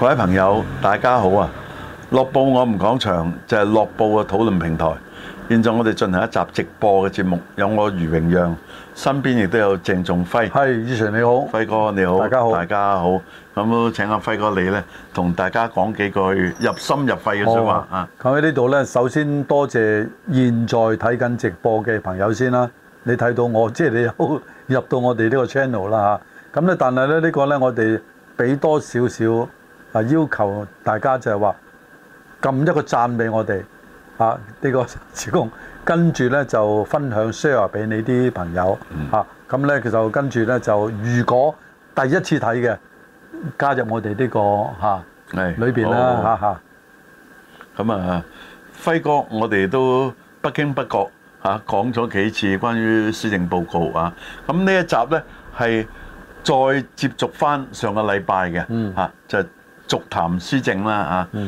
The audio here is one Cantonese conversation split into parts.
各位朋友，大家好啊！《樂報我哋講場》，就係《樂報嘅討論平台。現在我哋進行一集直播嘅節目，有我余榮讓，身邊亦都有鄭仲輝。係，志成你好，輝哥你好，大家好，大家好。咁都請阿輝哥你呢，同大家講幾句入心入肺嘅說話啊！咁喺呢度呢，首先多謝現在睇緊直播嘅朋友先啦、啊。你睇到我，即係你有入到我哋呢個 channel 啦吓咁咧，但係咧，呢、呢個呢，我哋俾多少少。啊！要求大家就係話，撳一個讚俾我哋。啊，呢個辭工，跟住咧就分享 share 俾你啲朋友，吓。咁咧其實就跟住咧就如果第一次睇嘅，加入我哋呢個吓，係裏邊啦，吓吓。咁啊，輝哥，我哋都不經不覺吓講咗幾次關於施政報告啊，咁呢一集咧係再接續翻上個禮拜嘅，吓、嗯啊、就。續談施政啦，嚇！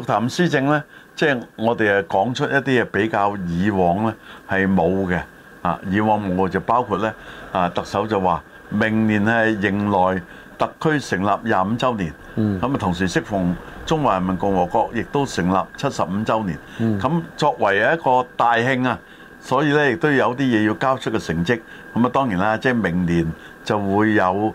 續談施政呢，即係我哋誒講出一啲誒比較以往呢係冇嘅，啊，以往冇就包括呢，啊，特首就話明年係迎來特區成立廿五周年，咁啊同時適逢中華人民共和國亦都成立七十五周年，嗯，咁作為一個大慶啊，所以呢亦都有啲嘢要交出嘅成績，咁啊當然啦，即係明年就會有。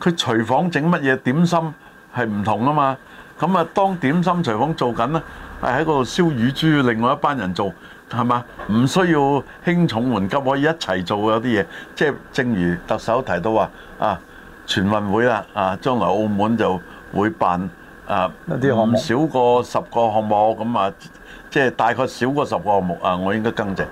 佢廚房整乜嘢點心係唔同啊嘛，咁啊當點心廚房做緊咧，係喺嗰度燒乳豬，另外一班人做係嘛，唔需要輕重緩急，可以一齊做有啲嘢。即係正如特首提到話啊，全運會啦，啊將來澳門就會辦啊唔少過十個項目咁啊，即係大概少過十個項目啊，我應該更正。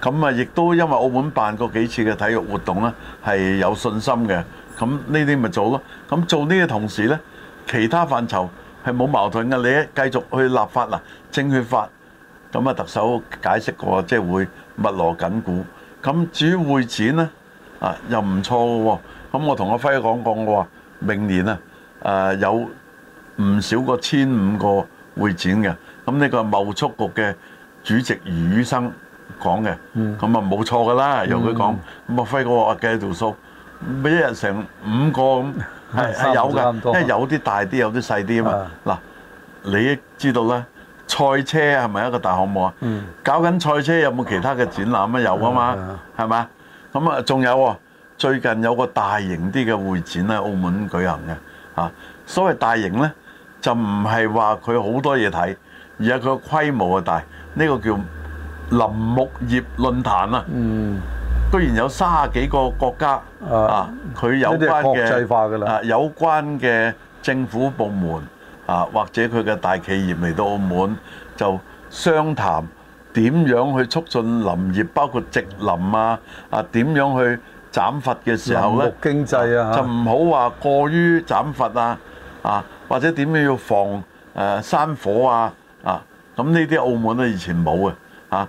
咁啊，亦都因為澳門辦過幾次嘅體育活動呢，係有信心嘅。咁呢啲咪做咯？咁做呢啲同時咧，其他範疇係冇矛盾嘅。你繼續去立法啦，證券法咁啊，特首解釋過，即係會密鑼緊鼓。咁至於會展咧，啊又唔錯嘅喎。咁我同阿輝講過，我話明年啊，誒有唔少過千五個會展嘅。咁呢個貿促局嘅主席余醫生講嘅，咁啊冇錯嘅啦。由佢講，咁阿輝哥我繼續做數。每一日成五個咁係係有嘅，因為有啲大啲，有啲細啲啊嘛。嗱，你知道咧，賽車係咪一個大項目啊？嗯。搞緊賽車有冇其他嘅展覽啊？有啊嘛，係嘛？咁啊，仲、嗯、有最近有個大型啲嘅會展喺澳門舉行嘅嚇、啊。所謂大型咧，就唔係話佢好多嘢睇，而係佢規模啊大。呢、呢個叫林木業論壇啊。嗯。雖然有三十幾個國家啊，佢有關嘅、啊、有關嘅政府部門啊，或者佢嘅大企業嚟到澳門就商談點樣去促進林業，包括植林啊啊，點樣去斬伐嘅時候咧經濟啊，就唔好話過於斬伐啊啊，或者點樣要防誒、啊、山火啊啊，咁呢啲澳門咧以前冇嘅啊。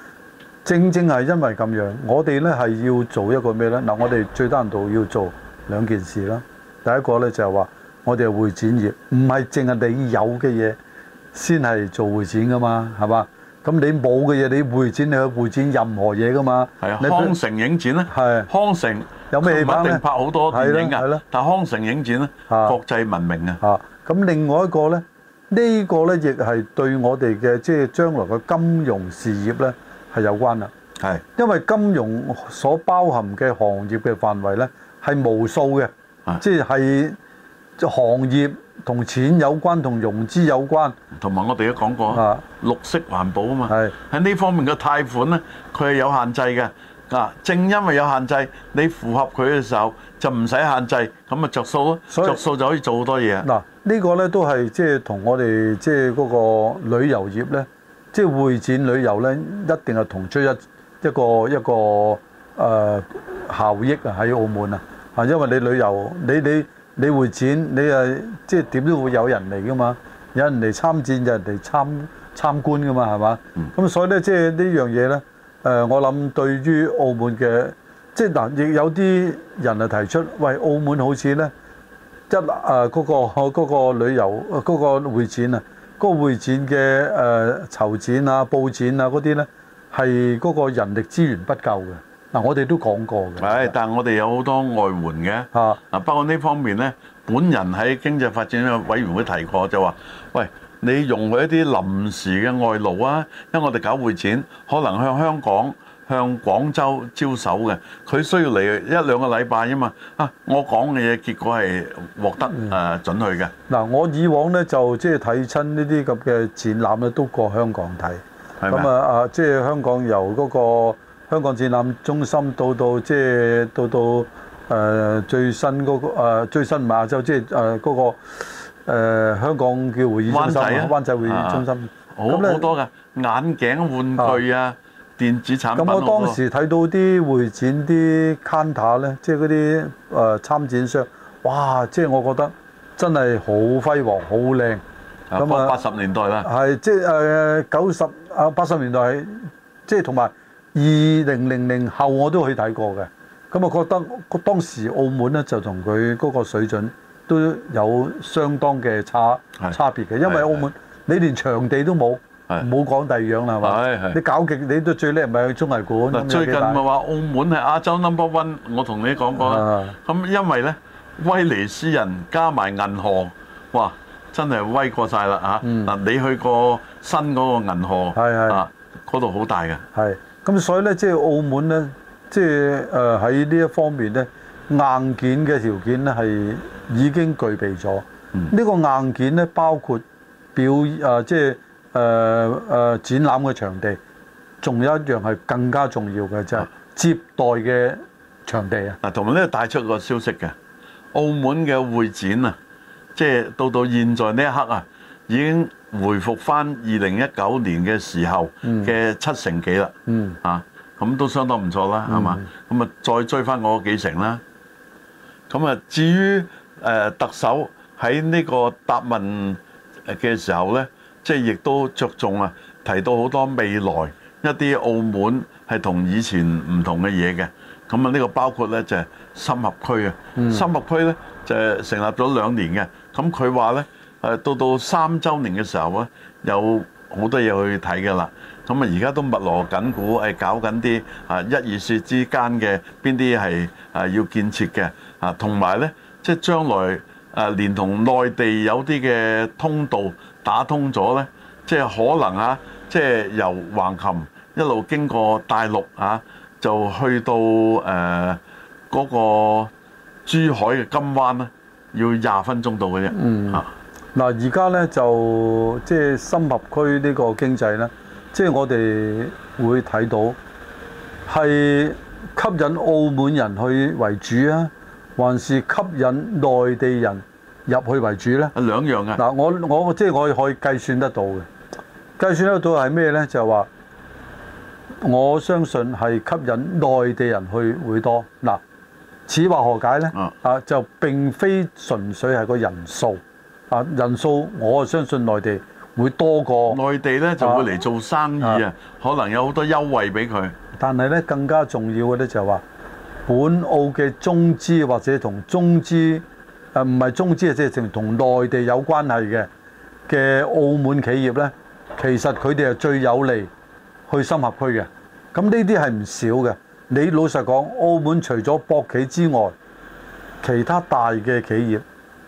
正正係因為咁樣，我哋咧係要做一個咩咧？嗱，我哋最低限度要做兩件事啦。第一個咧就係話，我哋係會展業，唔係淨係你有嘅嘢先係做會展噶嘛，係嘛？咁你冇嘅嘢，你會展你去會展任何嘢噶嘛？係啊，康城影展咧，係康城有咩戲咧？拍好多電影噶，但係康城影展咧，國際聞名啊。咁另外一個咧，呢個咧亦係對我哋嘅即係將來嘅金融事業咧。係有關啦，係因為金融所包含嘅行業嘅範圍咧係無數嘅，即係行業同錢有關，同融資有關，同埋我哋都講過啊，綠色環保啊嘛，喺呢方面嘅貸款咧，佢係有限制嘅啊，正因為有限制，你符合佢嘅時候就唔使限制，咁啊着數咯，所以着數就可以做好多嘢。嗱，呢個咧都係即係同我哋即係嗰個旅遊業咧。即、就、係、是、會展旅遊咧，一定係同出一個一個一、呃、效益啊！喺澳門啊，因為你旅遊，你你你會展，你誒即係點都會有人嚟噶嘛，有人嚟參展有人嚟參參觀噶嘛，係嘛？咁、嗯、所以咧，即、就、係、是、呢樣嘢咧，我諗對於澳門嘅，即、就、嗱、是，亦、呃、有啲人啊提出，喂，澳門好似咧即嗰個旅遊嗰、嗰個會展啊！嗰個會展嘅誒籌展啊、佈展啊嗰啲咧，係嗰個人力資源不夠嘅。嗱，我哋都講過嘅。係，但係我哋有好多外援嘅。啊，嗱，不過呢方面咧，本人喺經濟發展委員會提過，就話：喂，你用佢一啲臨時嘅外勞啊，因為我哋搞會展，可能向香港。向廣州招手嘅，佢需要嚟一兩個禮拜吖嘛。啊，我講嘅嘢結果係獲得誒準許嘅。嗱，我以往咧就即係睇親呢啲咁嘅展覽咧，都過香港睇。咁啊啊，即係香港由嗰個香港展覽中心到到即係到到誒最新嗰個誒最新馬洲，即係誒嗰個誒香港叫會議中心啊，灣仔會議中心。好好多㗎，眼鏡玩具啊！電子產品。咁我當時睇到啲會展啲 counter 咧，即係嗰啲誒參展商，哇！即係我覺得真係好輝煌，好靚。咁啊，八十年代啦。係即係誒九十啊八十年代，即係同埋二零零零後我都去睇過嘅。咁我覺得當時澳門咧就同佢嗰個水準都有相當嘅差差別嘅，因為澳門你連場地都冇。唔好講第二樣啦，係嘛？你搞極你都最叻，咪去綜藝館。最近咪話澳門係亞洲 number one，我同你講過啦。咁因為咧，威尼斯人加埋銀河，哇，真係威過曬啦嚇！嗱，你去過新嗰個銀河，係係，嗰度好大嘅。係咁，所以咧，即係澳門咧，即係誒喺呢一方面咧，硬件嘅條件咧係已經具備咗。呢個硬件咧包括表誒，即係。誒、呃、誒、呃、展覽嘅場地，仲有一樣係更加重要嘅，就係、是、接待嘅場地啊！嗱，同埋呢帶出個消息嘅，澳門嘅會展啊，即、就、係、是、到到現在呢一刻啊，已經回復翻二零一九年嘅時候嘅七成幾啦、嗯嗯，啊，咁都相當唔錯啦，係、嗯、嘛？咁啊，再追翻我幾成啦。咁啊，至於誒、呃、特首喺呢個答問嘅時候咧。即係亦都着重啊，提到好多未來一啲澳門係同以前唔同嘅嘢嘅。咁啊，呢個包括咧就係深合區啊。深合區咧就成立咗兩年嘅。咁佢話咧誒，到到三周年嘅時候呢有好多嘢去睇嘅啦。咁啊，而家都密鑼緊鼓，誒搞緊啲啊，一二線之間嘅邊啲係啊要建設嘅啊，同埋咧即係將來來誒連同內地有啲嘅通道。打通咗咧，即係可能啊，即係由橫琴一路經過大陸啊，就去到誒嗰個珠海嘅金灣咧，要廿分鐘到嘅啫。嗯。啊，嗱，而家咧就即係深合區呢個經濟咧，即係我哋會睇到係吸引澳門人去為主啊，還是吸引內地人？入去為主咧，兩樣嘅嗱，我我即係、就是、我可以計算得到嘅，計算得到係咩咧？就話、是、我相信係吸引內地人去會多嗱、啊。此話何解咧、啊？啊，就並非純粹係個人數啊，人數我相信內地會多過內地咧，就會嚟做生意啊，啊，可能有好多優惠俾佢。但係咧，更加重要嘅咧就係話，本澳嘅中資或者同中資。誒唔係中資啊，即係同內地有關係嘅嘅澳門企業呢，其實佢哋係最有利去深合區嘅。咁呢啲係唔少嘅。你老實講，澳門除咗博企之外，其他大嘅企業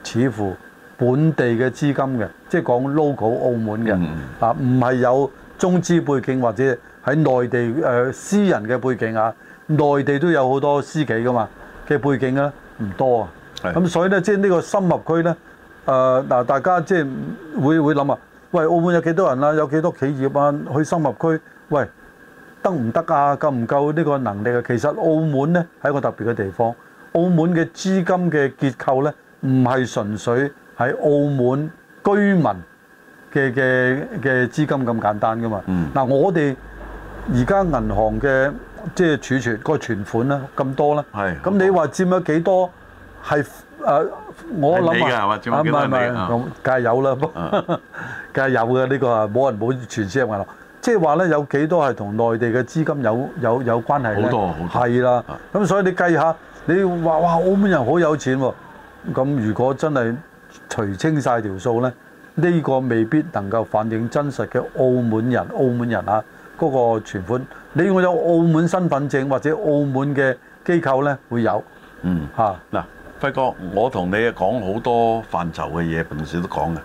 似乎本地嘅資金嘅，即係講 local 澳門嘅、嗯、啊，唔係有中資背景或者喺內地、呃、私人嘅背景啊。內地都有好多私企㗎嘛嘅背景咧、啊，唔多啊。咁所以咧，即係呢個深合區咧，誒、呃、嗱，大家即係會會諗啊，喂，澳門有幾多人啊？有幾多企業啊？去深合區，喂，得唔得啊？夠唔夠呢個能力啊？其實澳門咧係一個特別嘅地方，澳門嘅資金嘅結構咧，唔係純粹係澳門居民嘅嘅嘅資金咁簡單噶嘛。嗱、嗯，我哋而家銀行嘅即係儲存個存款咧咁多咧，咁你話佔咗幾多？係誒、呃，我諗啊，唔係唔係，梗係有啦，梗係有嘅呢個啊，冇、 這個、人冇傳銷嘅話，即係話咧，有幾多係同內地嘅資金有有有關係咧？好多好多係啦，咁、啊、所以你計下，你話哇，澳門人好有錢喎、哦，咁如果真係除清晒條數咧，呢、這個未必能夠反映真實嘅澳門人，澳門人啊嗰、那個存款，你我有澳門身份證或者澳門嘅機構咧會有，嗯吓，嗱、啊。不過，我同你講好多範疇嘅嘢，平時都講嘅，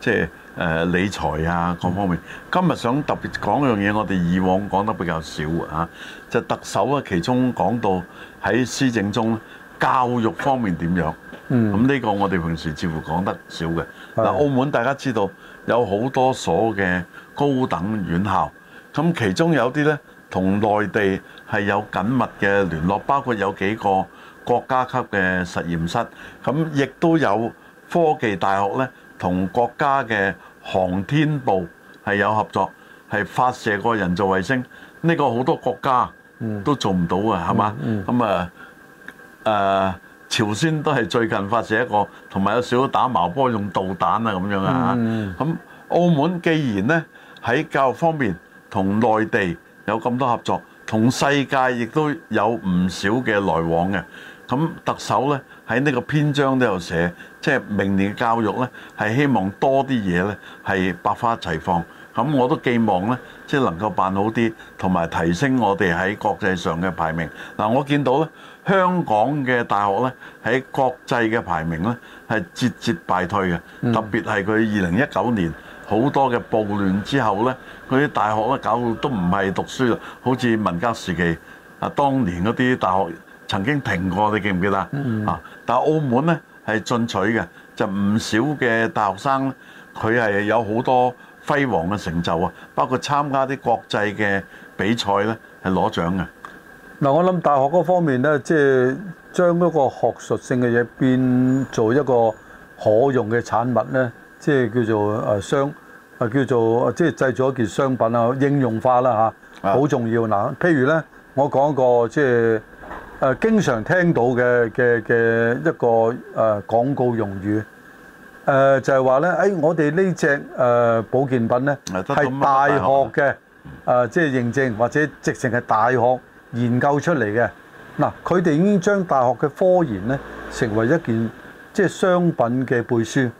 即係誒、呃、理財啊各方面。今日想特別講一樣嘢，我哋以往講得比較少啊。就是、特首咧，其中講到喺施政中教育方面點樣。嗯。咁呢個我哋平時似乎講得少嘅。嗱，澳門大家知道有好多所嘅高等院校，咁其中有啲呢，同內地係有緊密嘅聯絡，包括有幾個。國家級嘅實驗室，咁亦都有科技大學呢，同國家嘅航天部係有合作，係發射過人造衛星。呢、這個好多國家都做唔到，嗯，是吧，嗯、啊，係嘛？咁啊，誒朝鮮都係最近發射一個同埋有少少打毛波用導彈啊，咁樣啊，咁、嗯、澳門既然呢喺教育方面同內地有咁多合作，同世界亦都有唔少嘅來往嘅。咁特首咧喺呢個篇章都有寫，即係明年嘅教育咧，係希望多啲嘢咧係百花齊放。咁我都寄望咧，即係能夠辦好啲，同埋提升我哋喺國際上嘅排名。嗱，我見到咧，香港嘅大學咧喺國際嘅排名咧係節節敗退嘅，特別係佢二零一九年好多嘅暴亂之後咧，佢啲大學咧搞到都唔係讀書啦，好似文革時期啊，當年嗰啲大學。曾經停過，你記唔記得、嗯、啊？但係澳門咧係進取嘅，就唔少嘅大學生，佢係有好多輝煌嘅成就啊！包括參加啲國際嘅比賽咧，係攞獎嘅。嗱、嗯，我諗大學嗰方面咧，即、就、係、是、將一個學術性嘅嘢變做一個可用嘅產物咧，即、就、係、是、叫做誒商，誒、啊、叫做即係、就是、製咗件商品啊，應用化啦吓，好、啊啊、重要嗱、呃。譬如咧，我講一個即係，就是誒經常聽到嘅嘅嘅一個誒廣告用語，誒就係話咧，誒、哎、我哋呢隻誒保健品咧係大學嘅誒，即係認證或者直情係大學研究出嚟嘅。嗱，佢哋已經將大學嘅科研咧成為一件即係商品嘅背書，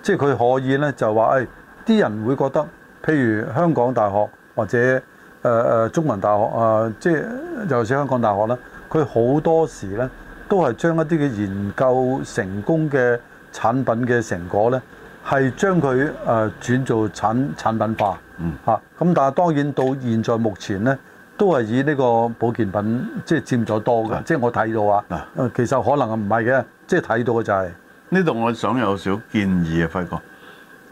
即係佢可以呢就話誒啲人會覺得，譬如香港大學或者誒誒、呃、中文大學啊、呃，即係尤其是香港大學啦。佢好多時咧，都係將一啲嘅研究成功嘅產品嘅成果咧，係將佢誒轉做產產品化。嗯。嚇，咁但係當然到現在目前咧，都係以呢個保健品即係佔咗多㗎，即係、就是、我睇到啊。嗱，誒，其實可能唔係嘅，即係睇到嘅就係呢度，我想有少建議啊，輝哥，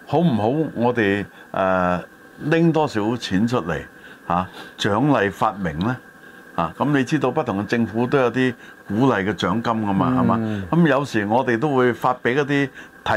好唔好我哋？我哋誒拎多少錢出嚟嚇獎勵發明咧？啊，咁你知道不同嘅政府都有啲鼓勵嘅獎金噶嘛，係、嗯、嘛？咁有時我哋都會發俾嗰啲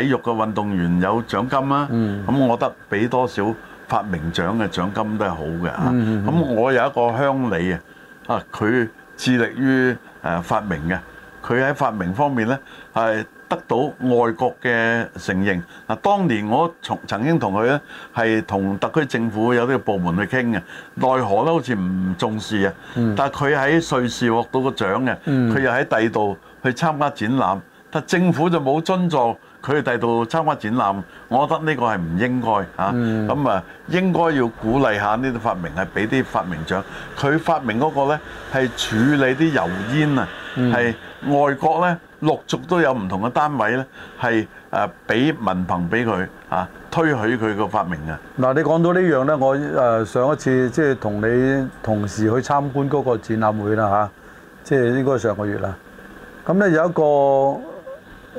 體育嘅運動員有獎金啦、啊。咁、嗯、我覺得俾多少發明獎嘅獎金都係好嘅。咁、嗯嗯啊、我有一個鄉里啊，啊，佢致力於誒、呃、發明嘅，佢喺發明方面呢。啊得到外國嘅承認嗱，當年我從曾經同佢咧係同特區政府有啲部門去傾嘅，奈何都好似唔重視啊。但係佢喺瑞士獲到個獎嘅，佢又喺第二度去參加展覽，但政府就冇尊重佢喺第二度參加展覽。我覺得呢個係唔應該啊。咁啊，應該要鼓勵下呢啲發明係俾啲發明獎。佢發明嗰個咧係處理啲油煙啊，係外國咧。陸續都有唔同嘅單位咧，係誒俾文憑俾佢啊，推許佢個發明嘅。嗱，你講到呢樣咧，我誒上一次即係同你同時去參觀嗰個展覽會啦嚇，即係應該上個月啦。咁咧有一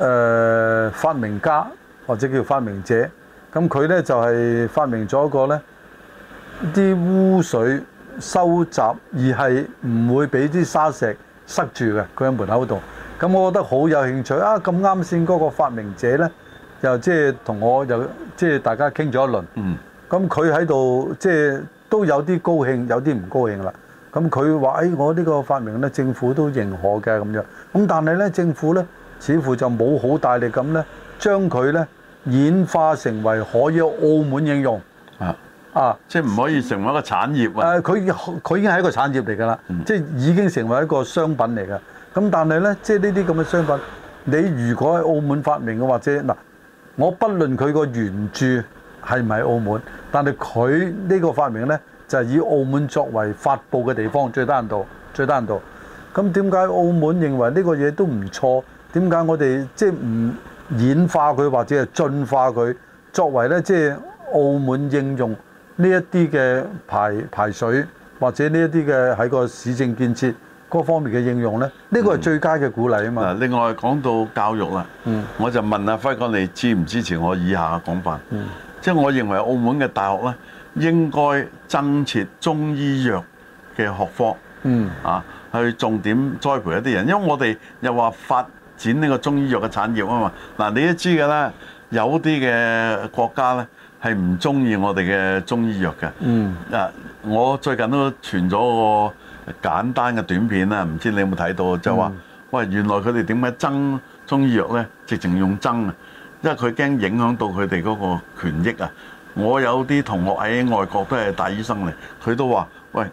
個誒發明家或者叫發明者，咁佢咧就係發明咗一個咧啲污水收集而係唔會俾啲沙石塞住嘅，佢喺門口度。咁我覺得好有興趣啊！咁啱先嗰個發明者呢，又即係同我又即係、就是、大家傾咗一輪。嗯。咁佢喺度即係都有啲高興，有啲唔高興啦。咁佢話：誒，我呢個發明呢政府都認可嘅咁樣。咁但係呢政府呢，似乎就冇好大力咁呢將佢呢演化成為可以澳門應用。啊啊！即係唔可以成為一個產業啊？佢、啊、佢已經係一個產業嚟㗎啦。即係已經成為一個商品嚟㗎。咁但係呢，即係呢啲咁嘅商品，你如果喺澳門發明嘅或者嗱，我不論佢個原著係唔係澳門，但係佢呢個發明呢，就係以澳門作為發佈嘅地方，最低限度，最低限度。咁點解澳門認為呢個嘢都唔錯，點解我哋即係唔演化佢或者係進化佢，作為呢？即係澳門應用呢一啲嘅排排水或者呢一啲嘅喺個市政建設。各方面嘅應用咧，呢個係最佳嘅鼓勵啊嘛！另外講到教育啦，嗯，我就問阿輝哥，你支唔支持我以下嘅講法？嗯，即係我認為澳門嘅大學咧，應該增設中醫藥嘅學科，嗯，啊，去重點栽培一啲人，因為我哋又話發展呢個中醫藥嘅產業啊嘛。嗱，你都知㗎啦，有啲嘅國家咧係唔中意我哋嘅中醫藥嘅，嗯，嗱，我最近都傳咗個。簡單嘅短片啊，唔知你有冇睇到？就話、嗯，喂，原來佢哋點解憎中醫藥呢？直情用憎啊，因為佢驚影響到佢哋嗰個權益啊！我有啲同學喺外國都係大醫生嚟，佢都話，喂，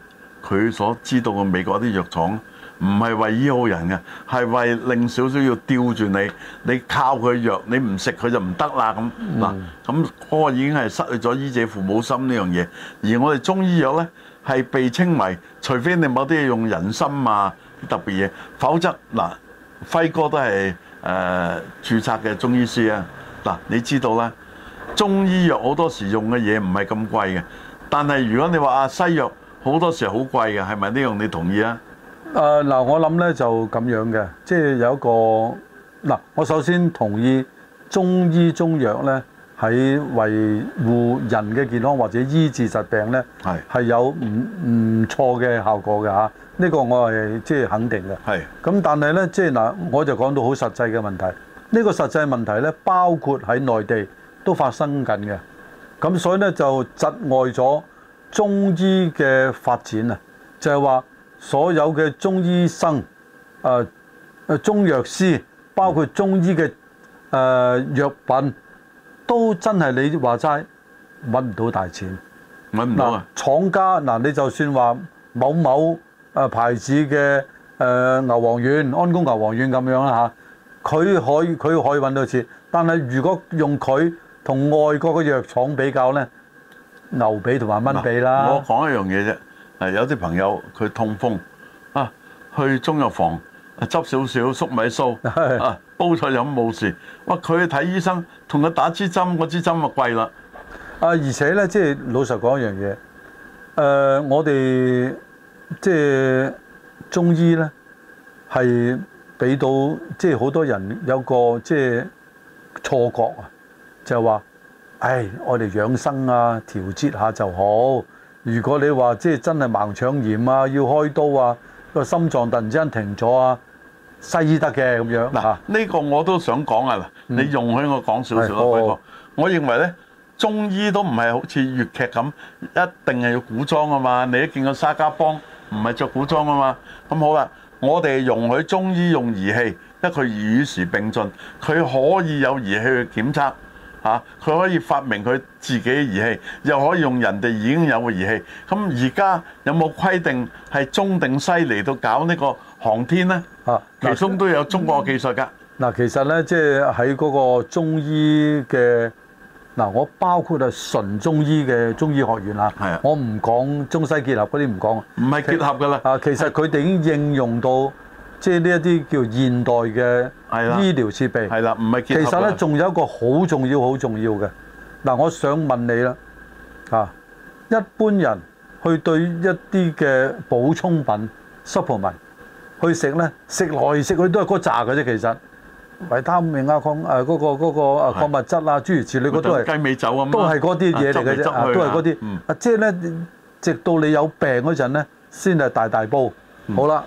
佢所知道嘅美國啲藥廠唔係為醫好人嘅，係為令少少要吊住你，你靠佢藥，你唔食佢就唔得啦咁。嗱，咁、嗯、我已經係失去咗醫者父母心呢樣嘢，而我哋中醫藥呢。係被稱為，除非你某啲用人參啊特別嘢，否則嗱，輝哥都係誒、呃、註冊嘅中醫師啊。嗱，你知道啦，中醫藥好多時用嘅嘢唔係咁貴嘅，但係如果你話啊，西藥好多時好貴嘅，係咪呢樣你同意啊？誒、呃、嗱，我諗咧就咁樣嘅，即、就、係、是、有一個嗱，我首先同意中醫中藥咧。喺維護人嘅健康或者醫治疾病呢，係係有唔唔錯嘅效果嘅嚇。呢個我係即係肯定嘅。係咁，但係呢，即係嗱，我就講到好實際嘅問題。呢個實際問題呢，包括喺內地都發生緊嘅。咁所以呢，就窒礙咗中醫嘅發展啊！就係話所有嘅中醫生、誒、呃、中藥師，包括中醫嘅誒藥品。都真係你話齋揾唔到大錢，揾唔到啊！廠家嗱、啊，你就算話某某誒牌子嘅誒、呃、牛黃丸、安宮牛黃丸咁樣啦嚇，佢、啊、可以佢可以揾到錢，但係如果用佢同外國嘅藥廠比較咧，牛髀同埋蚊髀啦。我講一樣嘢啫，係有啲朋友佢痛風啊，去中藥房。執少少粟米酥啊，煲菜飲冇事。哇！佢去睇醫生，同佢打支針，支針咪貴啦。啊！而且咧，即係老實講一樣嘢，誒，我哋即係中醫咧，係俾到即係好多人有個即係錯覺啊，就話，唉，我哋養生啊，調節下就好。如果你話即係真係盲腸炎啊，要開刀啊！個心臟突然之間停咗啊！西醫得嘅，咁樣嗱，呢、這個我都想講啊、嗯，你容許我講少少咯，我認為咧，中醫都唔係好似粵劇咁，一定係要古裝啊嘛。你都見到沙家幫唔係着古裝啊嘛。咁好啦，我哋容許中醫用儀器，因為佢與時並進，佢可以有儀器去檢測。嚇！佢可以發明佢自己嘅儀器，又可以用人哋已經有嘅儀器。咁而家有冇規定係中定西嚟到搞呢個航天呢？啊！嗱，其中都有中國嘅技術㗎。嗱、啊，其實呢，即係喺嗰個中醫嘅嗱、啊，我包括係純中醫嘅中醫學院啦。係我唔講中西結合嗰啲，唔講。唔係結合㗎啦。其實佢哋已經應用到。即係呢一啲叫現代嘅醫療設備，係啦，唔係。其實咧，仲有一個好重要、好重要嘅嗱，我想問你啦嚇、啊。一般人去對一啲嘅補充品 supplement 去食咧，食嚟食去都係嗰扎嘅啫。其實維他命啊、礦誒嗰個嗰、嗰個礦物質啦、啊、諸如此類，都係雞尾酒咁啊，都係嗰啲嘢嚟嘅啫，都係嗰啲。啊，即係咧，直到你有病嗰陣咧，先係大大煲。嗯、好啦。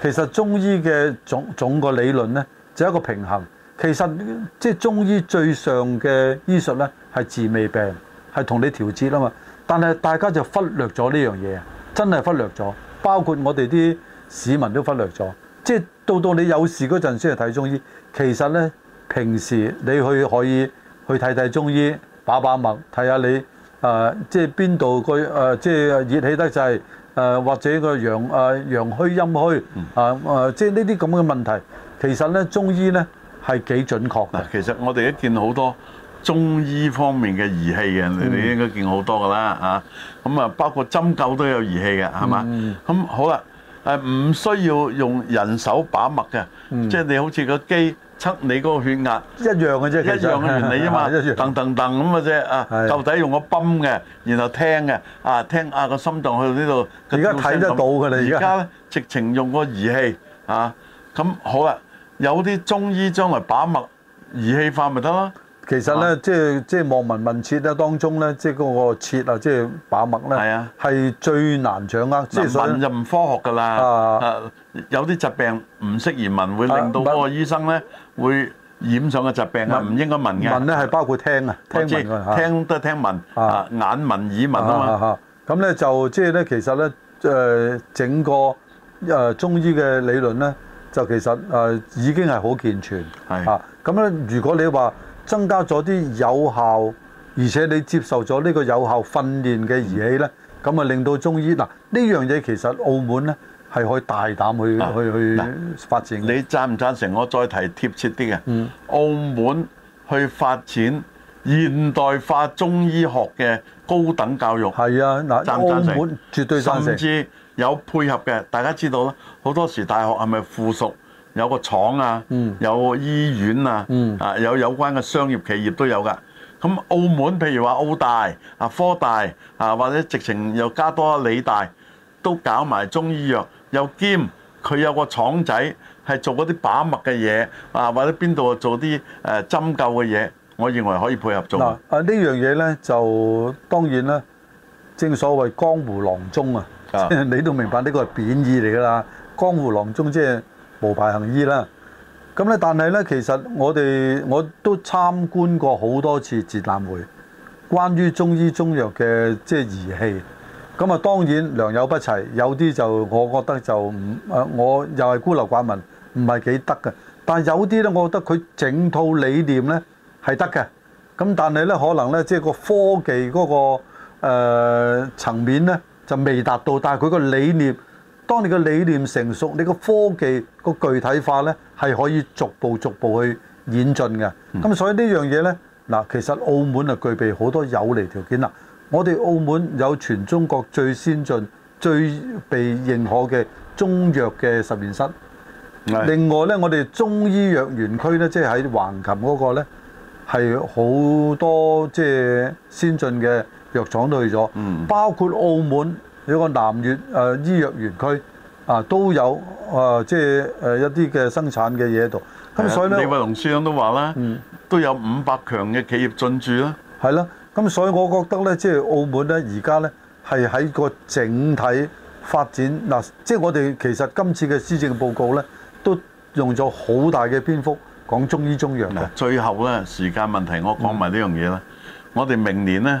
其實中醫嘅總總個理論呢，就一個平衡。其實即係中醫最上嘅醫術呢，係治未病，係同你調節啊嘛。但係大家就忽略咗呢樣嘢，真係忽略咗。包括我哋啲市民都忽略咗。即係到到你有事嗰陣先嚟睇中醫。其實呢，平時你去可以去睇睇中醫，把把脈，睇下你誒即係邊度個誒即係熱氣得滯。誒或者個陽誒陽虛陰虛、嗯、啊誒，即係呢啲咁嘅問題，其實咧中醫咧係幾準確嘅。其實我哋一見好多中醫方面嘅儀器嘅，你哋應該見好多㗎啦啊。咁、嗯、啊，包括針灸都有儀器嘅，係嘛？咁、嗯、好啦，誒唔需要用人手把脈嘅，即、嗯、係、就是、你好似個機。測你嗰個血壓一樣嘅啫，一樣嘅原理啫嘛， 噔噔噔咁嘅啫啊，舊底用個泵嘅，然後聽嘅，啊聽啊個心臟去到呢度。而家睇得到㗎啦，而家咧直情用個儀器啊，咁好啦，有啲中醫將來把脈儀器化咪得囉。其實咧，即係即係望聞問切咧，當中咧，即係嗰個切、即係、係啊，即係把脈咧，係最難掌握。即係就唔、係、科學㗎啦。啊，有啲疾病唔適宜聞，會令到個醫生咧會染上嘅疾病係啊，唔應該聞嘅。問咧係包括聽啊，聽聞聽，聽聞啊，眼聞耳聞啊嘛。咁咧、啊啊、就即係咧，其實咧、呃、整個、呃、中醫嘅理論咧，就其實、呃、已經係好健全。啊，咁咧、啊、如果你話。增加咗啲有效，而且你接受咗呢個有效訓練嘅儀器呢，咁啊令到中醫，嗱呢樣嘢其實澳門呢，係可以大膽去去、啊、去發展。你贊唔贊成？我再提貼切啲嘅、嗯，澳門去發展現代化中醫學嘅高等教育。係啊，嗱贊唔贊成？絕對贊成。甚至有配合嘅，大家知道啦。好多時大學係咪附屬。有個廠啊，有醫院啊、嗯，啊、嗯、有有關嘅商業企業都有噶。咁澳門譬如話澳大啊科大啊，或者直情又加多理大都搞埋中醫藥，又兼佢有個廠仔係做嗰啲把脈嘅嘢啊，或者邊度做啲誒針灸嘅嘢，我認為可以配合做。啊呢樣嘢咧就當然啦，正所謂江湖郎中啊，啊即係、你都明白呢、呢個係貶義嚟㗎啦，江湖郎中即係。無牌行醫啦，咁咧，但係咧，其實我哋我都參觀過好多次展覽會，關於中醫中藥嘅即係儀器，咁啊當然良莠不齊，有啲就我覺得就唔啊，我又係孤陋寡聞，唔係幾得嘅，但係有啲咧，我覺得佢整套理念咧係得嘅，咁但係咧可能咧即係個科技嗰個誒層面咧就未達到，但係佢個理念。當你個理念成熟，你個科技個具體化咧，係可以逐步逐步去演進嘅。咁所以呢樣嘢咧，嗱其實澳門啊，具備好多有利條件啦。我哋澳門有全中國最先進、最被認可嘅中藥嘅實驗室。另外咧，我哋中醫藥園區咧，即係喺橫琴嗰個咧，係好多即係先進嘅藥廠都去咗，包括澳門。有個南粵誒、呃、醫藥園區啊，都有啊、呃，即係誒、呃、一啲嘅生產嘅嘢喺度。咁、嗯、所以咧，李慧龍先生都話啦、嗯，都有五百強嘅企業進駐啦。係啦，咁所以我覺得咧，即係澳門咧，而家咧係喺個整體發展嗱，即係我哋其實今次嘅施政報告咧，都用咗好大嘅篇幅講中醫中藥嘅。最後咧，時間問題，我講埋呢樣嘢啦。我哋明年咧。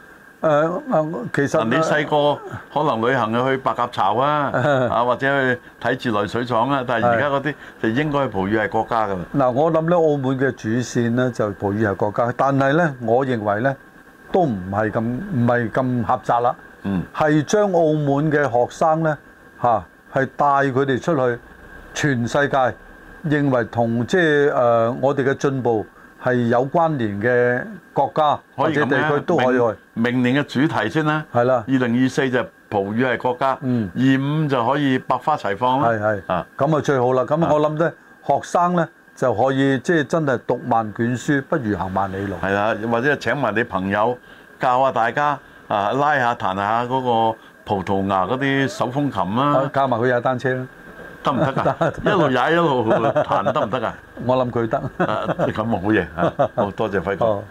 誒嗱，其實嗱，你細個可能旅行去白鴿巢啊，啊或者去睇自來水廠啊，但係而家嗰啲就應該係葡語系國家噶啦。嗱，我諗咧，澳門嘅主線咧就葡語系國家，但係咧，我認為咧都唔係咁唔係咁狹窄啦。嗯，係將澳門嘅學生咧嚇係帶佢哋出去全世界，認為同即係誒我哋嘅進步。係有關聯嘅國家可以、啊、或者地區都可以去。明，明年嘅主題先啦。係啦。二零二四就係葡語系國家。嗯。二五就可以百花齊放啦。係係。啊。咁啊最好啦。咁我諗咧，學生咧就可以即係、就係、真係讀萬卷書，不如行萬里路。係啦，或者請埋你朋友教下大家啊，拉下彈下嗰個葡萄牙嗰啲手風琴啦、啊。加埋佢有單車。得唔得㗎？一路踩一路行得唔得㗎？我諗佢得，咁啊好嘢吓！好多謝輝哥。哦